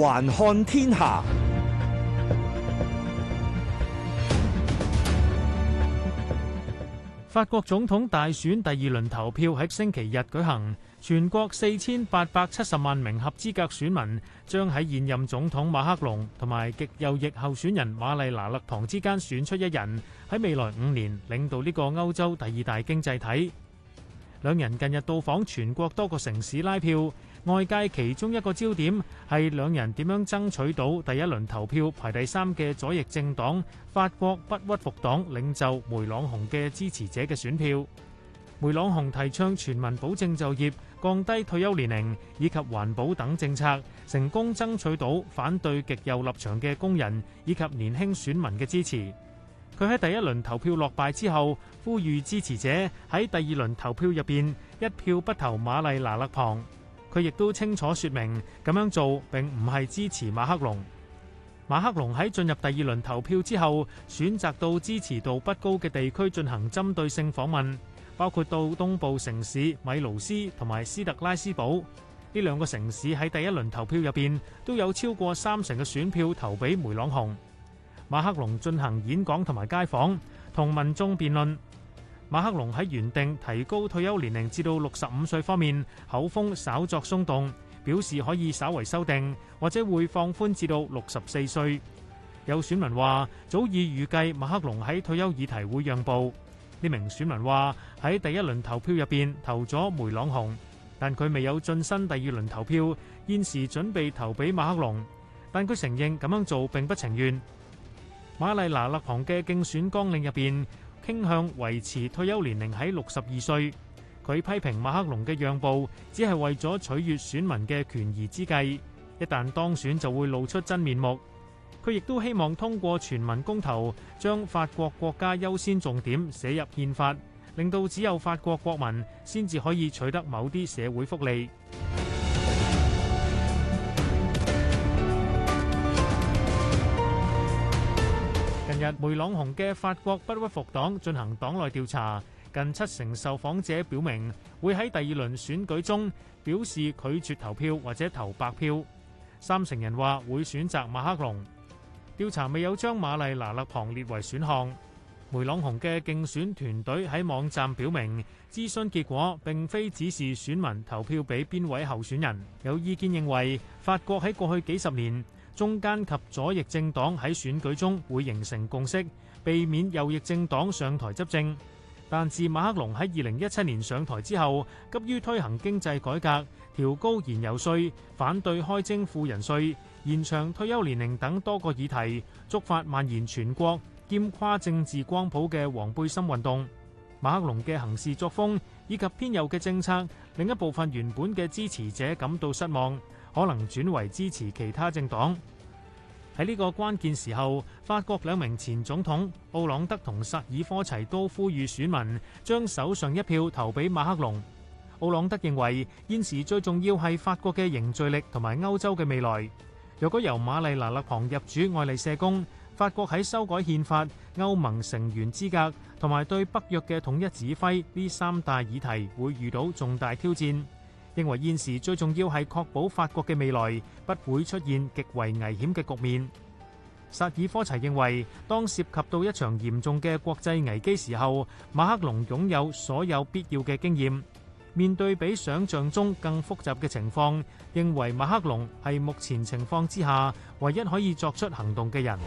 環看天下，法國總統大選第二輪投票喺星期日舉行，全國四千八百七十萬名合資格選民將喺現任總統馬克龍同埋極右翼候選人瑪麗娜勒龐之間選出一人，喺未來五年領導呢個歐洲第二大經濟體。兩人近日到訪全國多個城市拉票。外界其中一個焦點，係兩人點樣爭取到第一輪投票排第三嘅左翼政黨法國不屈服黨領袖梅朗雄嘅支持者嘅選票。梅朗雄提倡全民保證就業，降低退休年齡以及環保等政策，成功爭取到反對極右立場嘅工人以及年輕選民嘅支持。佢喺第一輪投票落敗之後呼籲支持者喺第二輪投票入邊，一票不投瑪麗娜勒龐。佢亦都清楚説明，咁樣做並唔係支持馬克龍。馬克龍喺進入第二輪投票之後，選擇到支持度不高嘅地區進行針對性訪問，包括到東部城市米盧斯同埋斯特拉斯堡。呢兩個城市喺第一輪投票入邊都有超過三成嘅選票投俾梅朗雄。馬克龍進行演講同埋街訪，同民眾辯論。馬克龍喺原定提高退休年齡至到六十五歲方面口風稍作鬆動，表示可以稍為修訂，或者會放寬至到六十四歲。有選民話早已預計馬克龍喺退休議題會讓步。呢名選民話喺第一輪投票入邊投咗梅朗雄，但佢未有晉身第二輪投票，現時準備投俾馬克龍，但佢承認咁樣做並不情願。馬麗娜勒龐嘅競選綱領入邊，傾向維持退休年齡喺六十二歲。佢批評馬克龍嘅讓步只係為咗取悦選民嘅權宜之計，一旦當選就會露出真面目。佢亦都希望通過全民公投將法國國家優先重點寫入憲法，令到只有法國國民先至可以取得某啲社會福利。梅朗雄嘅法國不屈服黨進行黨內調查，近七成受訪者表明會喺第二輪選舉中表示拒絕投票或者投白票，三成人話會選擇馬克龍，調查未有將瑪麗娜勒龐列為選項。梅朗雄嘅競選團隊喺網站表明，諮詢結果並非只是選民投票俾邊位候選人。有意見認為，法國喺過去幾十年。中間及左翼政黨喺選舉中會形成共識，避免右翼政黨上台執政。但自馬克龍喺二零一七年上台之後，急於推行經濟改革、調高燃油稅、反對開徵富人稅、延長退休年齡等多個議題，觸發蔓延全國兼跨政治光譜嘅黃背心運動。馬克龍嘅行事作風以及偏右嘅政策，令一部分原本嘅支持者感到失望。可能轉為支持其他政黨。喺呢個關鍵時候，法國兩名前總統奧朗德同薩爾科齊都呼籲選民將手上一票投俾馬克龍。奧朗德認為現時最重要係法國嘅凝聚力同埋歐洲嘅未來。若果由瑪麗娜勒龐入主愛麗舍宮，法國喺修改憲法、歐盟成員資格同埋對北約嘅統一指揮呢三大議題會遇到重大挑戰。認為現時最重要係確保法國嘅未來不會出現極為危險嘅局面。薩爾科齊認為，當涉及到一場嚴重嘅國際危機時候，馬克龍擁有所有必要嘅經驗，面對比想象中更複雜嘅情況，認為馬克龍係目前情況之下唯一可以作出行動嘅人。